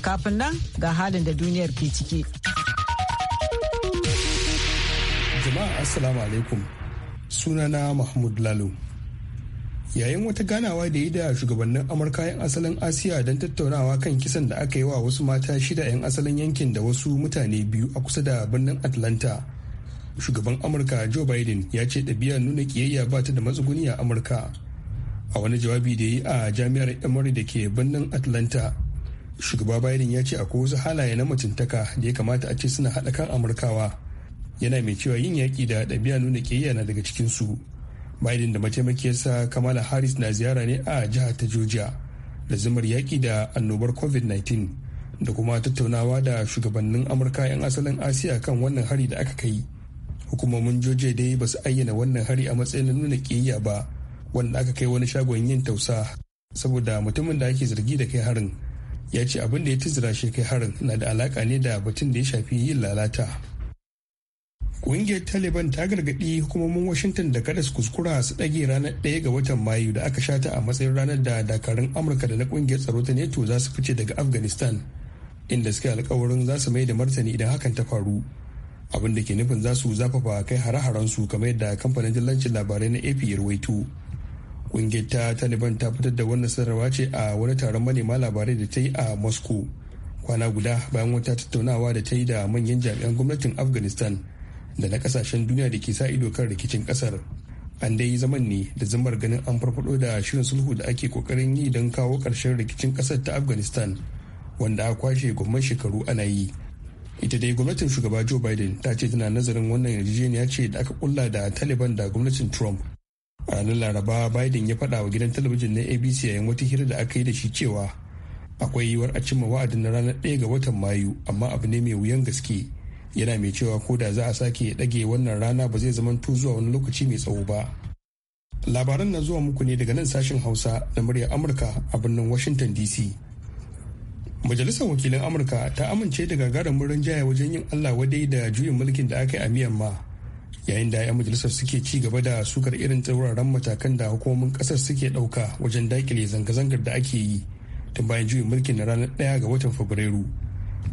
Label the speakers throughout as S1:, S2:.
S1: Kafin nan ga halin da duniyar ke ciki.
S2: Jama'a Assalamu alaikum. Sunana Mahmud Lalo. Yayin wata ganawa da yi da shugabannin Amurka 'yan asalin Asiya don tattaunawa kan kisan da aka yi wa wasu mata shida 'yan asalin yankin da wasu mutane biyu a kusa da birnin Atlanta. Shugaban Amurka Joe Biden ya ce ɗabi'ar nuna kiyayya ba ta da matsuguni a Amurka. A wani jawabi da yi a jami'ar Emory da ke birnin Atlanta. shugaba biden ya ce akwai wasu halaye na mutuntaka da ya kamata a ce suna haɗa kan amurkawa yana mai cewa yin yaƙi da ɗabi'a nuna ƙiyayya na daga cikinsu biden da mataimakiyarsa kamala harris na ziyara ne a jihar ta georgia da zumar yaƙi da annobar covid-19 da kuma tattaunawa da shugabannin amurka 'yan asalin asiya kan wannan hari da aka kai hukumomin georgia dai ba su ayyana wannan hari a matsayin nuna ƙiyayya ba wanda aka kai wani shagon yin tausa saboda mutumin da ake zargi da kai harin ya ce abin da ya tizira shi kai harin na da alaka ne da batun da ya shafi yin lalata ƙungiyar taliban ta gargaɗi hukumomin washington da kada su kuskura su ɗage ranar ɗaya ga watan mayu da aka shata a matsayin ranar da dakarun amurka da na ƙungiyar tsaro ta neto za su fice daga afghanistan inda suke alkawarin za su mai da martani idan hakan ta faru abin da ke nufin za su zafafa kai hare-haren su kamar yadda kamfanin dillancin labarai na ap ya rawaito Ƙungiyar ta Taliban ta fitar da wannan sanarwa ce a wani taron manema labarai da ta yi a Moscow kwana guda bayan wata tattaunawa da ta yi da manyan jami'an gwamnatin Afghanistan da na kasashen duniya da ke sa ido kan rikicin kasar. An dai zaman ne da zamar ganin an farfado da shirin sulhu da ake kokarin yi don kawo karshen rikicin kasar ta Afghanistan wanda a kwashe gwamnan shekaru ana yi. ita dai gwamnatin shugaba joe biden ta ce tana nazarin wannan yarjejeniya ce da aka kulla da taliban da gwamnatin trump ranar laraba biden ya faɗa wa gidan talabijin na abc yayin wata hira da aka yi da shi cewa akwai yiwuwar a cimma wa'adin na ranar ɗaya ga watan mayu amma abu ne mai wuyan gaske yana mai cewa ko da za a sake ɗage wannan rana ba zai zamanto zuwa wani lokaci mai tsawo ba labaran na zuwa muku ne daga nan sashen hausa na muryar amurka a birnin washington dc majalisar wakilin amurka ta amince da gagarumin rinjaya wajen yin allah wadai da juyin mulkin da aka yi a myanmar yayin da 'yan majalisar suke ci gaba da sukar irin tsauraran matakan da hukumomin kasar suke ɗauka wajen dakile zanga-zangar da ake yi tun bayan juyin mulkin na ranar 1 ga watan fabrairu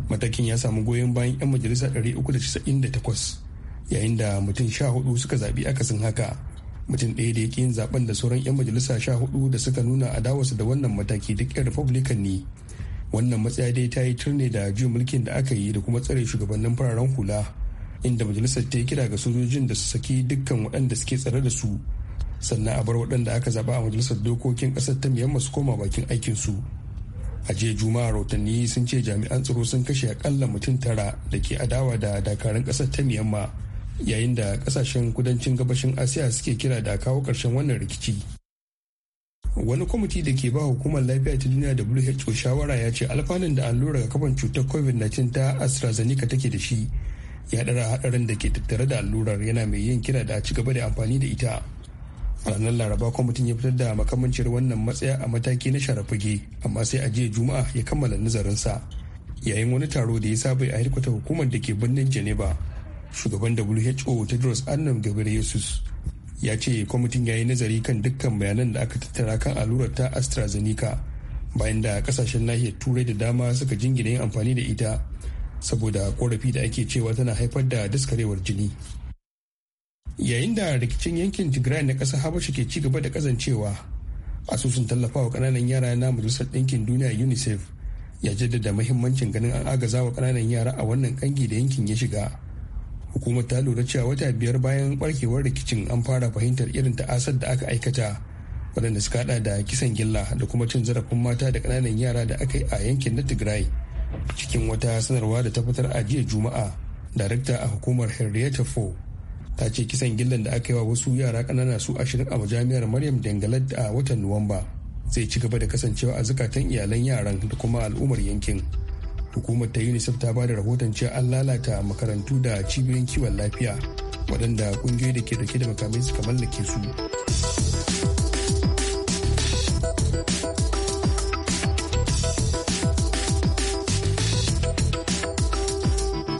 S2: matakin ya samu goyon bayan 'yan majalisa ɗari uku da 398 yayin da mutum sha hudu suka zaɓi akasin haka mutum ɗaya da yake yin zaɓen da sauran 'yan majalisa sha hudu da suka nuna adawarsu da wannan mataki duk 'yan republican ne wannan matsaya dai ta yi turne da juyin mulkin da aka yi da kuma tsare shugabannin fararen hula inda majalisar ta yi kira ga sojojin da su saki dukkan waɗanda suke tsare da su sannan a bar waɗanda aka zaɓa a majalisar dokokin ƙasar ta miyamma su koma bakin aikinsu a jiya juma'a rahotanni sun ce jami'an tsaro sun kashe akalla mutum tara da ke adawa da dakarun ƙasar ta miyamma yayin da ƙasashen kudancin gabashin asiya suke kira da kawo ƙarshen wannan rikici wani kwamiti da ke ba hukumar lafiya ta duniya who shawara ya ce alfanun da ga kafan cutar covid-19 ta astrazeneca take da shi ya dara hadarin da ke tattare da allurar yana mai yin kira da a ci gaba da amfani da ita ranar laraba kwamitin ya fitar da makamancin wannan matsaya a mataki na sharafage amma sai a jiya juma'a ya kammala nazarinsa yayin wani taro da ya saba a hirkuta hukumar da ke birnin geneva shugaban who tedros adhanom ghebreyesus ya ce kwamitin ya yi nazari kan dukkan bayanan da aka tattara kan allurar ta astrazeneca bayan da kasashen nahiyar turai da dama suka jingina yin amfani da ita saboda korafi da ake cewa tana haifar da daskarewar jini yayin da rikicin yankin tigray na ƙasar habasha ke ci gaba da kazancewa asusun tallafawa ƙananan yara na majalisar ɗinkin duniya unicef ya jaddada mahimmancin ganin an agaza wa ƙananan yara a wannan ƙangi da yankin ya shiga hukumar ta lura cewa wata biyar bayan barkewar rikicin an fara fahimtar irin ta'asar da aka aikata waɗanda suka hada da kisan gilla da kuma cin zarafin mata da kananan yara da aka yi a yankin na tigray cikin wata sanarwa da ta fitar a jiya juma'a darakta a hukumar henrietta fo ta ce kisan gillan da aka yi wa wasu yara kanana su ashirin a majami'ar maryam dangalar a watan nuwamba zai ci gaba da kasancewa a zukatan iyalan yaran da kuma al'ummar yankin hukumar ta unicef ta bada rahoton cewa an lalata makarantu da cibiyoyin kiwon lafiya waɗanda ƙungiyoyi da ke dauke da makamai suka mallake su.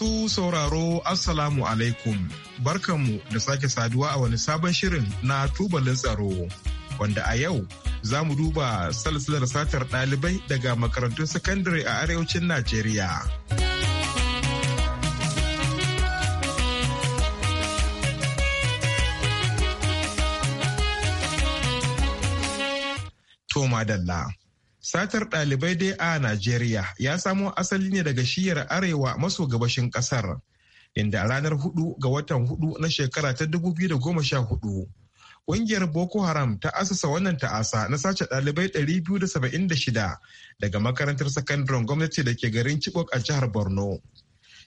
S3: Masu sauraro Assalamu alaikum barkanmu da sake saduwa a wani sabon shirin na tubalin tsaro wanda a yau za mu duba salsilar satar ɗalibai daga makarantun sakandare a arewacin Najeriya. Toma Dalla. Satar ɗalibai dai a Najeriya ya samo asali ne daga shiyar arewa maso gabashin ƙasar, inda a ranar hudu ga watan hudu na shekara ta 2014, ƙungiyar Boko Haram ta asasa wannan ta'asa na sace ɗalibai 276 daga makarantar sakandaren gwamnati da ke garin Chibok a jihar Borno.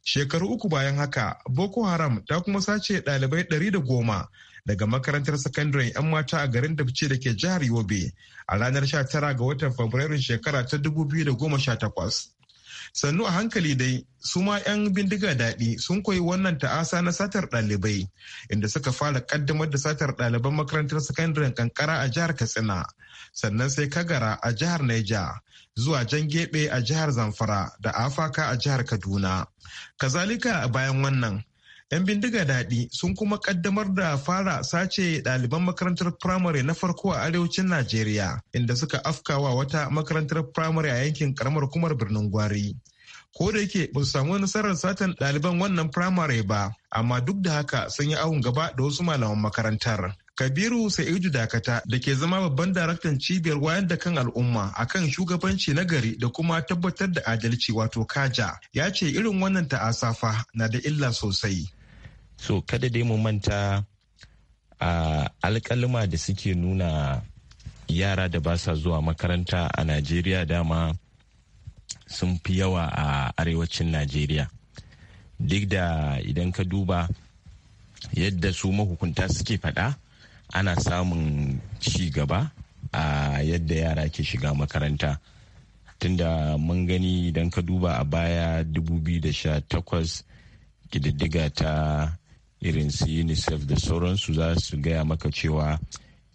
S3: Shekaru uku bayan haka, Boko Haram ta kuma sace ɗalibai goma. daga makarantar sakandaren 'yan mata a garin Dabce da ke jihar Yobe a ranar 19 ga watan Fabrairun shekara ta 2018. Sannu a hankali dai su ma 'yan bindiga daɗi sun koyi wannan ta'asa na satar ɗalibai inda suka fara kaddamar da satar ɗaliban makarantar sakandaren kankara a jihar Katsina sannan sai Kagara a jihar Naija zuwa jan Jangebe a jihar Zamfara da Afaka a jihar Kaduna. Kazalika bayan wannan 'yan bindiga daɗi sun kuma kaddamar da fara sace ɗaliban makarantar firamare na farko a arewacin najeriya inda suka afkawa wata makarantar firamare a yankin karamar kumar birnin gwari ko da yake ba su samu nasarar satan ɗaliban wannan firamare ba amma duk da haka sun yi awon gaba da wasu malaman makarantar kabiru sa'idu dakata da ke zama babban daraktan cibiyar wayar da kan al'umma akan shugabanci na gari da kuma tabbatar da adalci wato kaja ya ce irin wannan ta'asafa
S4: na da illa sosai so kada dai mu manta a alkalima da suke nuna yara da basa zuwa makaranta a najeriya dama sun fi yawa a arewacin najeriya duk da idan ka duba yadda su mahukunta suke fada ana samun ci gaba a yadda yara ke shiga makaranta tunda mun gani idan ka duba a baya 2018 kididdiga ta irin su unicef da sauransu za su gaya maka cewa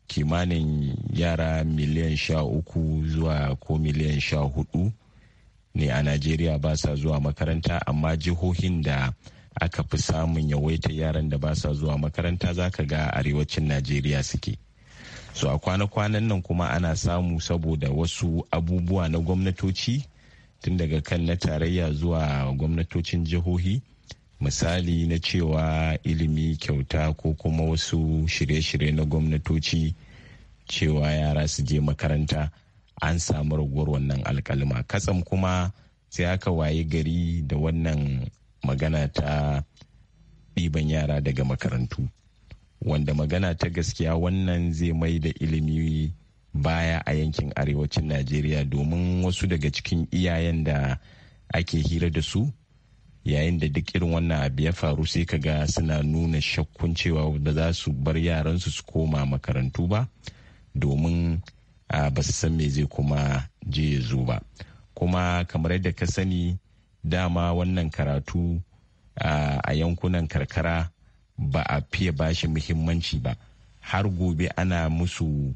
S4: kimanin yara miliyan sha uku zuwa ko miliyan sha hudu ne a najeriya ba sa zuwa makaranta amma jihohin da aka fi samun yawaitar yaran da ba sa zuwa makaranta za ka ga arewacin najeriya suke so a kwana-kwanan nan kuma ana samu saboda wasu abubuwa na gwamnatoci tun daga kan na tarayya zuwa gwamnatocin jihohi misali na cewa ilimi kyauta ko kuma wasu shirye-shirye na gwamnatoci cewa yara su je makaranta an samu raguwar wannan alkalima katsam kuma sai aka waye gari da wannan magana ta ɗiban yara daga makarantu wanda magana ta gaskiya wannan zai mai da ilimi baya a yankin arewacin najeriya domin wasu daga cikin iyayen da ake hira da su yayin da duk irin wannan abu ya faru sai ka ga suna nuna shakkun cewa ba za su bar yaransu su koma makarantu ba domin ba su san me zai kuma je ya zo ba kuma kamar yadda ka sani dama wannan karatu a yankunan karkara ba a fiye bashi muhimmanci ba har gobe ana musu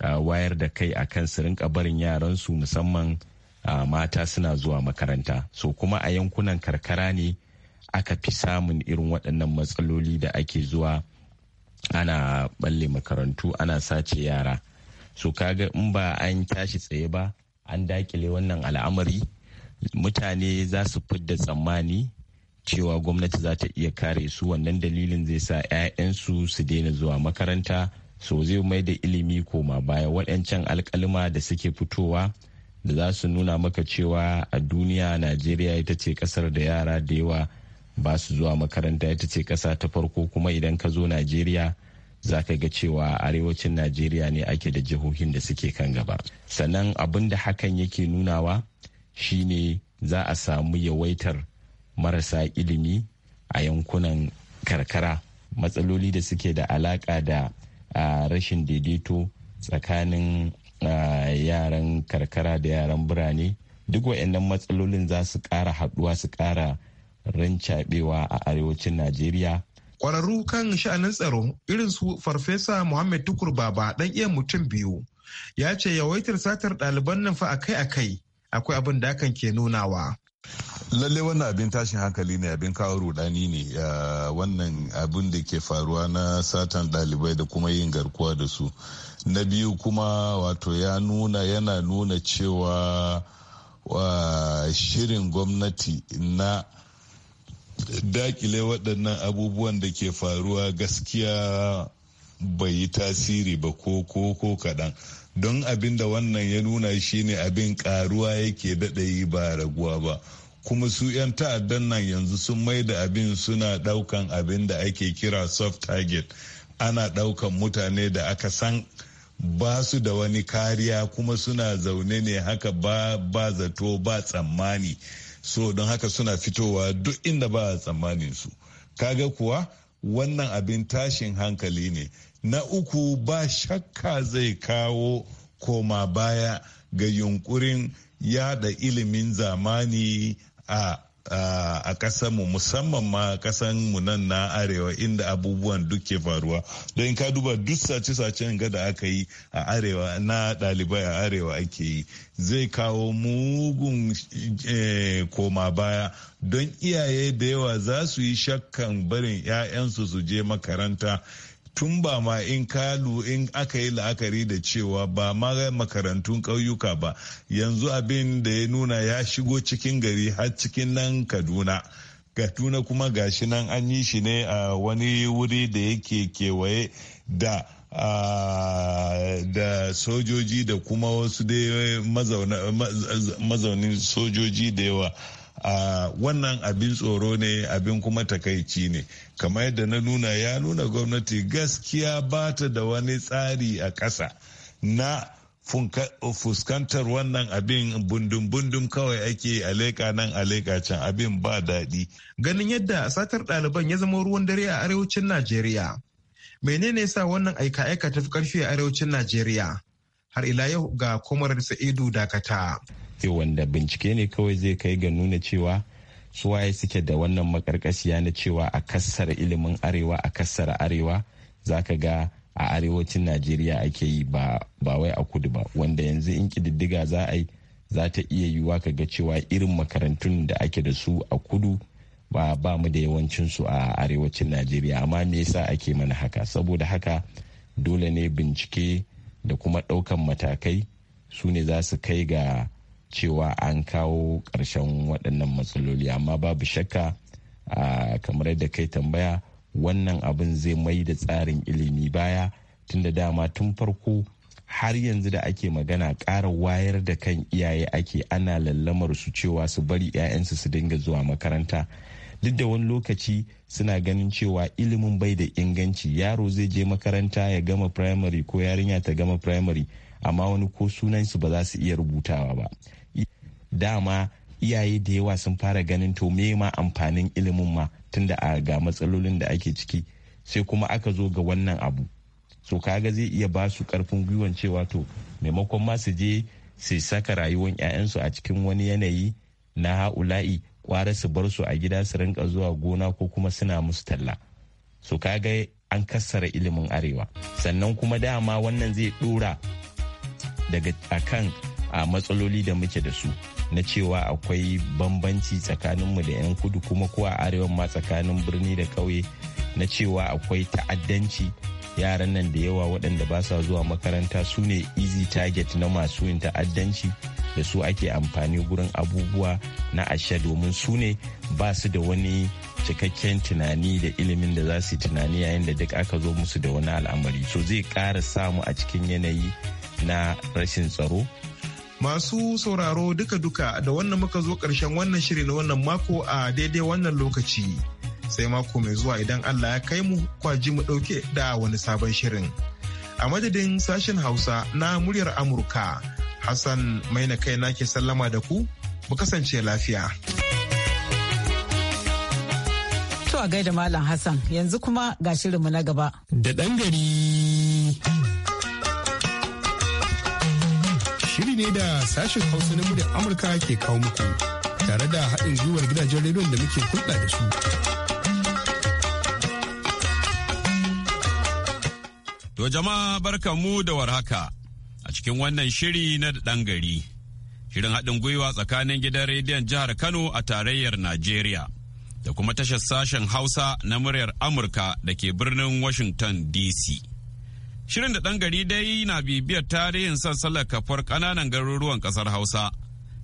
S4: wayar da kai akan su rinka barin yaransu musamman mata suna zuwa makaranta so kuma a yankunan karkara ne aka fi samun irin waɗannan matsaloli da ake zuwa ana balle makarantu ana sace yara so kaga in ba an tashi tsaye ba an dakile wannan al'amari mutane za su fidda tsammani cewa gwamnati za ta iya kare su wannan dalilin zai sa 'ya'yansu su daina zuwa makaranta so zai mai da ilimi koma baya waɗancan alkalima da suke fitowa da za su nuna maka cewa a duniya najeriya ita ce kasar da yara da yawa ba su zuwa makaranta ita ce kasa ta farko kuma idan ka zo najeriya za ka ga cewa arewacin najeriya ne ake da jihohin da suke kan gaba sannan abin da hakan yake nunawa shine za a samu yawaitar marasa ilimi a yankunan karkara matsaloli da suke da alaka da rashin daidaito tsakanin yaran karkara da yaran birane duk waɗannan matsalolin za su kara haɗuwa su kara rancaɓewa a arewacin najeriya kwararru kan sha'anin tsaro
S3: irin su farfesa muhammed tukur baba dan iya mutum biyu ya ce yawaitar satar ɗaliban nan fa akai-akai akwai abin da hakan ke nunawa
S5: lallai wannan abin tashin hankali ne abin kawo rudani ne wannan abin da ke faruwa na satan dalibai da kuma yin garkuwa da su na biyu kuma wato ya nuna yana nuna cewa shirin gwamnati na dakile waɗannan abubuwan da ke faruwa gaskiya bai yi tasiri ba ko ko ko kaɗan don abin da wannan ya nuna shine abin karuwa yake daɗayi ba raguwa ba kuma su 'yan ta'addan nan yanzu sun maida abin suna ɗaukan abin da ake kira soft target ana ɗaukan mutane da aka san ba su da wani kariya kuma suna zaune ne haka ba, ba zato ba tsammani so don haka suna fitowa duk inda ba a tsammanin su kaga kuwa wannan abin tashin hankali ne na uku ba shakka zai kawo koma baya ga yunkurin yada ilimin zamani a a ƙasarmu musamman ma ƙasanmu nan na arewa inda abubuwan duk ke faruwa don in ka duba duk sace-sacen ga da aka yi a arewa na ɗalibai a arewa ake yi zai kawo mugun eh, koma baya don iyaye da yawa za su yi shakkan barin 'ya'yansu su je makaranta tun ba ma in kalu in aka yi la'akari da cewa ba ma makarantun ƙauyuka ba yanzu abin da ya nuna ya shigo cikin gari har cikin nan kaduna kaduna kuma gashi nan an yi shi ne a wani wuri da yake kewaye da da sojoji da kuma wasu dai mazaunin sojoji da yawa a wannan abin tsoro ne abin kuma takaici ne kamar yadda na nuna ya nuna gwamnati gaskiya ba ta da wani tsari a ƙasa na fuskantar wannan abin bundum-bundum kawai ake aleka nan aleka can abin ba daɗi. Ganin yadda satar ɗaliban ya zama ruwan dare a arewacin Najeriya.
S3: Menene sa wannan aika-aika tafi ƙarfi a arewacin Najeriya? har ila yau ga kwamarar
S4: sa'idu dakata. wanda bincike ne kawai zai kai ga nuna cewa su waye suke da wannan makarkashiya na cewa a kassar ilimin arewa a kassar arewa zaka ga a arewacin najeriya ake yi ba wai a kudu ba wanda yanzu in kididdiga za a yi za ta iya yiwuwa ka ga cewa irin makarantun da ake da su a kudu ba ba mu da yawancin su a arewacin najeriya amma me yasa ake mana haka saboda haka dole ne bincike da kuma ɗaukan matakai su ne za su kai ga cewa an kawo ƙarshen waɗannan matsaloli amma babu shakka kamar da kai tambaya wannan abin zai mai da tsarin ilimi baya tun da dama tun farko har yanzu da ake magana ƙara wayar da kan iyaye ake ana lallamar su cewa su bari 'ya'yansu su dinga zuwa makaranta duk da wani lokaci suna ganin cewa ilimin bai da inganci yaro zai je makaranta ya gama primary ko yarinya ta gama primary amma wani ko sunansu ba za su iya rubutawa ba dama iyaye da yawa sun fara ganin to me ma amfanin ilimin ma tunda a ga matsalolin da ake ciki sai kuma aka zo ga wannan abu so kaga zai iya ba su karfin gwiwan cewa to maimakon ma su je su saka rayuwar 'ya'yansu a cikin wani yanayi na ha'ula'i kwara su bar su a gida su rinka zuwa gona ko kuma suna musu talla su kaga an kassara ilimin arewa sannan kuma dama wannan zai dora daga akan a matsaloli da muke da su na cewa akwai bambanci tsakaninmu da 'yan kudu kuma ko a arewan ma tsakanin birni da ƙauye na cewa akwai ta'addanci yaran nan da yawa waɗanda ba sa zuwa makaranta su ne easy target na masu yin ta'addanci da su ake amfani gurin abubuwa na ashe domin su ne ba su da wani cikakken tunani da ilimin da za su tunani yayin da duk aka zo musu da wani al'amari so zai kara samu a cikin yanayi na rashin tsaro
S3: masu sauraro duka-duka da wannan muka zo ƙarshen wannan shiri na wannan mako a daidai wannan lokaci sai mako mai zuwa idan allah ya kai mu kwaji mu dauke da wani sabon shirin a madadin sashen hausa na muryar amurka Hassan maina kai nake sallama da ku, mu kasance lafiya.
S1: To a gaida Malam Hassan yanzu kuma ga shirinmu na gaba.
S2: Da ɗan gari. Shiri ne da sashen hausa na muryar Amurka ke kawo muku tare da haɗin gwiwar gidajen rediyon da muke hulɗa da su.
S6: To jama'a mu da warhaka. a cikin wannan shiri na ɗan gari. Shirin haɗin gwiwa tsakanin gidan rediyon jihar Kano a tarayyar Najeriya da kuma tashar sashen Hausa na muryar Amurka da ke birnin Washington DC. Shirin da ɗan gari dai na bibiyar tarihin sassalar kafar ƙananan garuruwan ƙasar Hausa,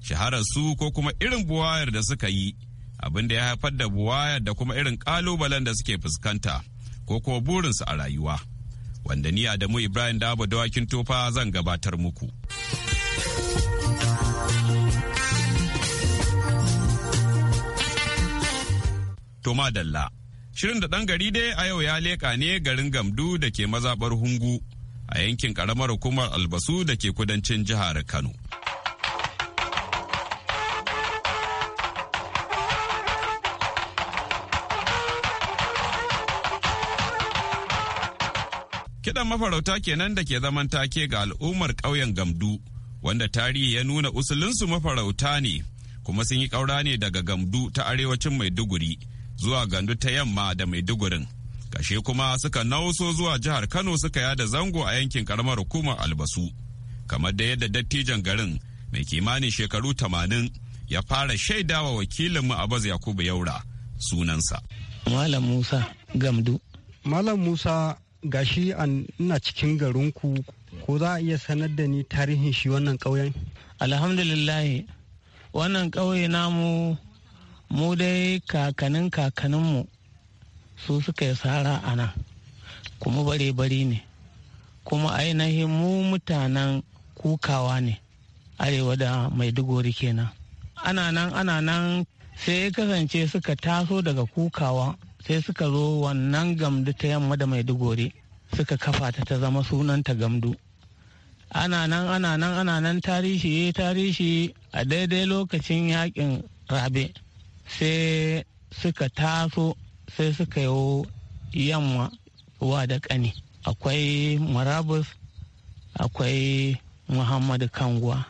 S6: shaharar su ko kuma irin buwayar da suka yi, abin da ya haifar da buwayar da kuma irin ƙalubalen da suke fuskanta ko kuma burinsu a rayuwa. wanda ni Adamu Ibrahim Dabo dawakin tofa zan gabatar muku. Toma Dalla Shirin da ɗan gari dai a yau ya leƙa ne garin Gamdu da ke mazaɓar Hungu a yankin ƙaramar hukumar Albasu da ke kudancin jihar Kano. kidan mafarauta kenan da ke zaman take ga al'ummar ƙauyen Gamdu, wanda tarihi ya nuna usulinsu mafarauta ne, kuma sun yi ƙaura ne daga Gamdu ta arewacin Maiduguri zuwa Gandu ta yamma da Maidugurin. Kashe kuma suka nauso zuwa jihar Kano suka yada zango a yankin karamar hukumar Albasu. Kamar da yadda dattijan garin mai kimanin shekaru tamanin ya fara shaidawa wakilinmu Abaz Yakubu Yaura sunansa.
S2: Malam Musa Gamdu. Malam Musa gashi ina cikin garinku ko za a iya sanar da ni tarihin shi wannan
S7: ƙauyen? alhamdulillahi wannan ƙauye namu mu dai kakanin kakaninmu su suka yi sara a nan kuma bare-bare ne kuma ainihin mu mutanen kukawa ne arewa da maiduguri kenan ana nan ana nan sai ya kasance suka taso daga kukawa sai suka zo wannan gamdu ta yamma da maiduguri suka kafa ta ta zama sunanta gamdu ana nan ana nan ana nan tarihi tarihi a daidai lokacin yakin rabe sai suka taso sai suka yi yamma wa da ƙani akwai marabus akwai muhammadu kanguwa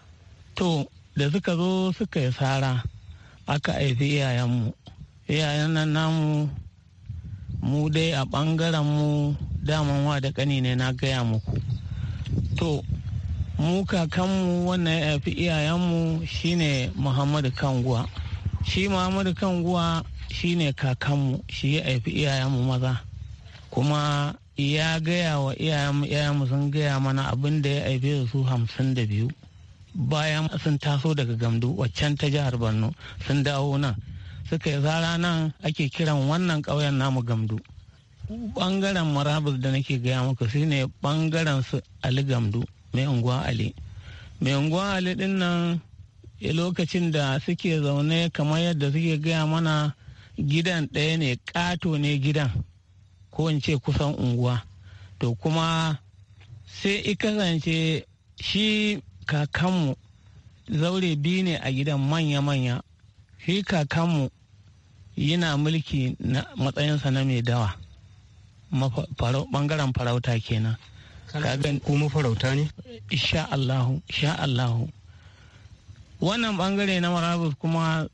S7: to da suka zo suka yi sara aka aifi iyayenmu iyayen nan namu mu dai a ɓangaren mu daman wa da kani ne na gaya muku to mu kakanmu wannan ya fi iyayenmu shine muhammadu kanguwa shi muhammadu kanguwa shine kakanmu shi ya haifi iyayenmu maza kuma ya gaya wa iyayenmu sun gaya mana abin da ya haife su hamsin da biyu bayan sun taso daga gamdu waccan ta jihar borno sun dawo nan suka yi zara nan ake kiran wannan ƙauyen namu gamdu ɓangaren marabus da nake gaya muku shine ɓangaren su ali gamdu mai unguwa ali mai unguwa ali din nan eh, lokacin da suke zaune kamar yadda suke gaya mana gidan ɗaya ne ƙato ne gidan ko in ce kusan unguwa to kuma sai i kasance shi kakanmu zaure biyu ne a gidan manya-manya shi kakanmu yana mulki na matsayinsa na mai dawa bangaren farauta kenan kagan kuma farauta ne sha Allahu sha Allahu wannan bangare na marabus kuma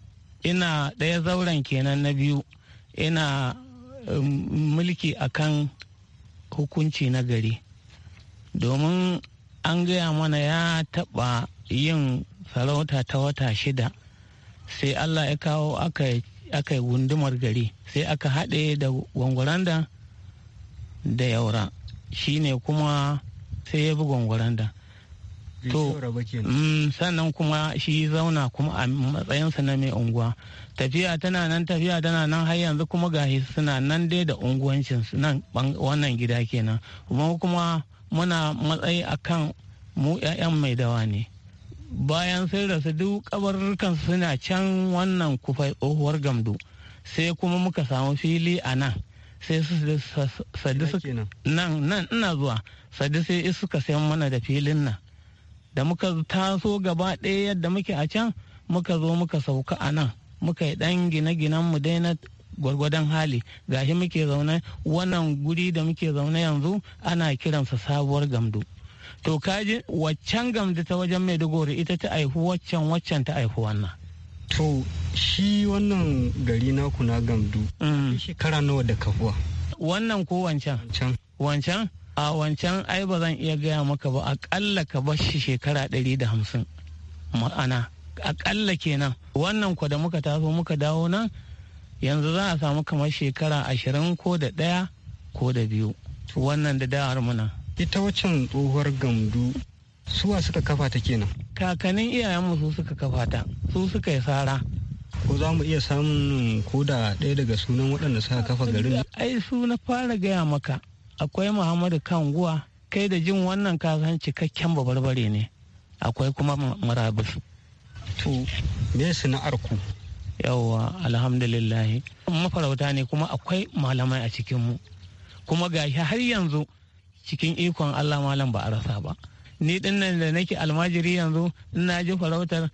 S7: ina ɗaya zauren kenan na biyu ina um, mulki akan hukunci na gari domin an gaya mana ya taɓa yin sarauta ta wata shida sai allah ya kawo aka aka yi gundumar gari sai aka haɗe da gwangwaranda da yaura shine kuma sai ya bi gwangwaranda to mm, sannan kuma shi zauna kuma a matsayinsa na mai unguwa tafiya tana nan tafiya tana nan har yanzu kuma gahi suna nan dai da unguwancin nan wannan gida kenan kuma kuma muna matsayi akan mu 'ya'yan mai dawa ne bayan sun rasu duk kabarurkan suna can wannan kufai tsohuwar gamdu sai kuma muka samu fili a nan sai su sadi nan nan ina zuwa sadi sai suka sayan mana da filin nan da muka taso gaba ɗaya yadda muke a can muka zo muka sauka a nan muka yi ɗan gine-ginen mu daina na gwargwadon hali gashi muke zaune wannan guri da muke zaune yanzu ana kiransa sabuwar gamdu to kaji waccan gamda ta wajen maiduguri ita ta aihu waccan waccan ta aihu wannan to shi wannan gari naku na gamdu mm. shekara nawa da kafuwa wannan ko wancan wancan a wancan ai ba zan iya gaya maka ba akalla ka bashi shekara ɗari da hamsin ma'ana akalla kenan wannan ku da muka taso muka dawo nan yanzu za a samu kamar shekara ashirin ko da ɗaya ko da biyu wannan da da'ar muna ita waccan tsohuwar gamdu suwa suka kafa ta kenan kakannin iyayenmu su suka kafa ta su suka yi sara ko za mu iya samun koda ɗaya daga sunan waɗanda suka kafa garin ai su na fara gaya maka akwai muhammadu kanguwa kai da jin wannan kasan cikakken babarbare ne akwai kuma marabus to me sana'ar ku yawwa alhamdulillah mafarauta ne kuma akwai malamai a cikinmu kuma gashi har yanzu cikin ikon Allah malam ba a rasa ba ni din nan da nake almajiri yanzu ina ji farautar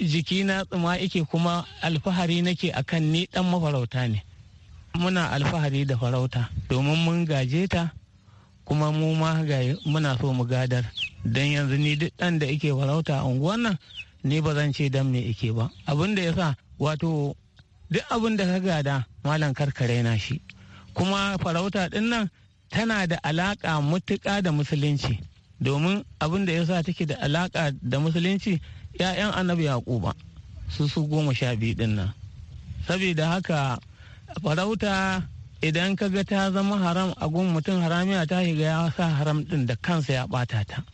S7: jiki na tsuma ike kuma alfahari nake akan ni dan mafarauta ne muna alfahari da farauta domin mun gaje ta kuma mu ma muna so mu gadar don yanzu ni duk dan da ike farauta a unguwar nan ni ba zan ce dam ne ike ba abin da yasa wato duk abin da ka gada malam karkare na shi kuma farauta din nan tana da alaƙa matuƙa da musulunci domin abin da ya sa take da alaƙa da musulunci 'ya'yan annabi yaƙuba su su goma sha biyu din nan saboda haka farauta idan ka ga ta zama haram a gun mutum haramiya ta shiga ya sa haram din da kansa ya ɓata ta.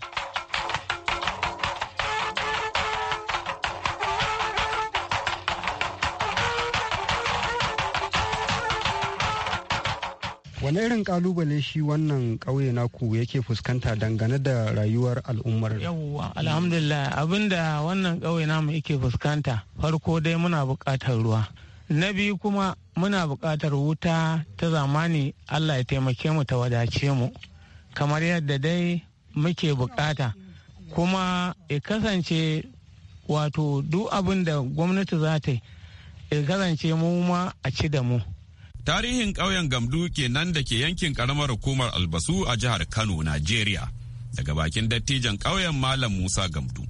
S2: wani irin kalubale shi wannan ƙauye naku yake fuskanta dangane da rayuwar al'ummar yawwa
S7: alhamdulillah abinda wannan ƙauye namu yake fuskanta farko dai muna buƙatar ruwa na biyu kuma muna buƙatar wuta ta zamani allah ya taimake mu ta wadace mu kamar yadda dai muke buƙata kuma ya kasance wato duk abin da gwamnati za ta yi ya kasance mu ma a ci da mu
S6: Tarihin ƙauyen Gamdu kenan da ke yankin ƙaramar hukumar Albasu a jihar Kano, Najeriya, daga bakin dattijan ƙauyen Malam Musa Gamdu.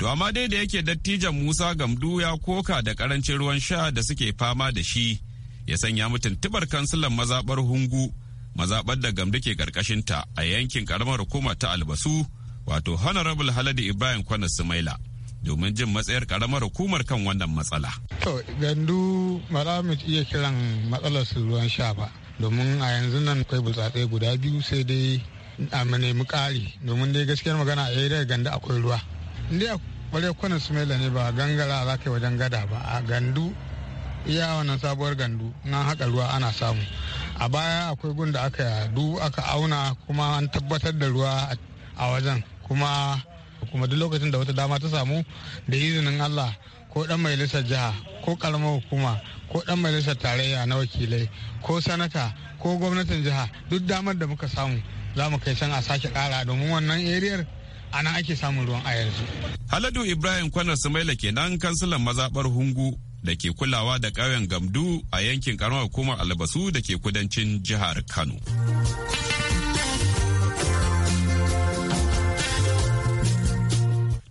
S6: To amma dai da yake dattijan Musa Gamdu ya koka da ƙarancin ruwan sha da suke fama da shi, ya sanya mutum tubar kansilan mazaɓar hungu, mazaɓar da Gamdu ke ƙarƙashinta a yankin ƙaramar Hukumar ta Albasu, wato Honorable Haladu Ibrahim Kwanas Sumaila. domin jin matsayar karamar hukumar kan wannan matsala.
S2: To gandu ba mu iya kiran matsalar su ruwan sha ba domin a yanzu nan akwai butsatse guda biyu sai dai a mu nemi domin dai gaskiyar magana a yi daga ganda akwai ruwa. Inda a kwale kwanan su ne ba gangara za ka wajen gada ba a gandu iya wannan sabuwar gandu na haka ruwa ana samu a baya akwai gun da aka yadu aka auna kuma an tabbatar da ruwa a wajen kuma kuma duk lokacin da wata dama ta samu da izinin allah ko dan majalisar jiha ko karamar hukuma ko dan majalisar tarayya na wakilai ko sanata ko gwamnatin jiha duk damar da muka samu za mu kai san a sake kara domin wannan eriyar ana ake samun ruwan a yanzu.
S6: Haladu Ibrahim Kwanar Sumaila kenan kansilan mazaɓar Hungu da ke kulawa da ƙauyen Gamdu a yankin karamar hukumar Albasu da ke kudancin jihar Kano.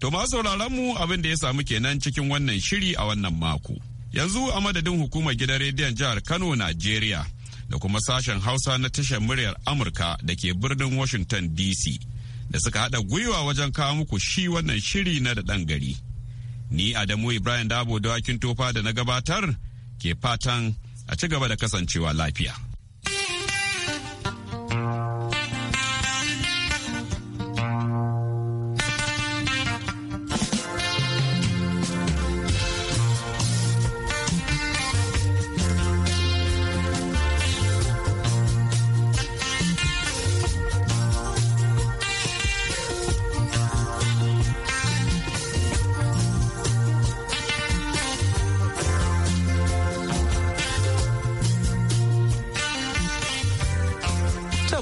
S6: To ma sauraron mu abin da ya samu kenan cikin wannan shiri a wannan mako. Yanzu a madadin hukumar gidan rediyon jihar Kano, Najeriya da kuma sashen Hausa na tashar muryar Amurka da ke birnin Washington DC da suka haɗa gwiwa wajen kawo muku shi wannan shiri na da ɗan gari. Ni Adamu Ibrahim Dabo da Tofa da na gabatar ke fatan a ci gaba da kasancewa lafiya.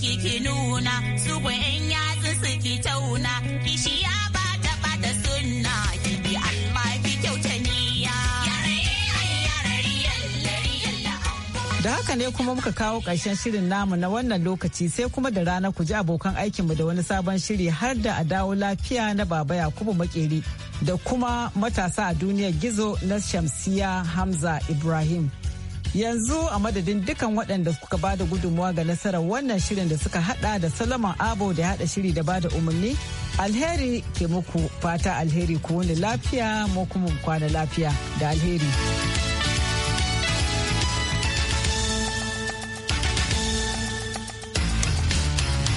S8: kiki nuna su yan ba ta sunna ki bi
S1: da haka ne kuma muka kawo ƙarshen shirin namu na wannan lokaci sai kuma da rana ku ji abokan aikinmu da wani sabon shiri har da a dawo lafiya na baba yakubu makeri da kuma matasa a duniyar gizo na shamsiya hamza ibrahim yanzu a madadin dukan waɗanda suka bada gudunmuwa ga nasarar wannan shirin da suka hada da saloman abo da hada shiri da bada umarni alheri ke muku fata alheri ku wani lafiya mu kuma kwana lafiya da alheri.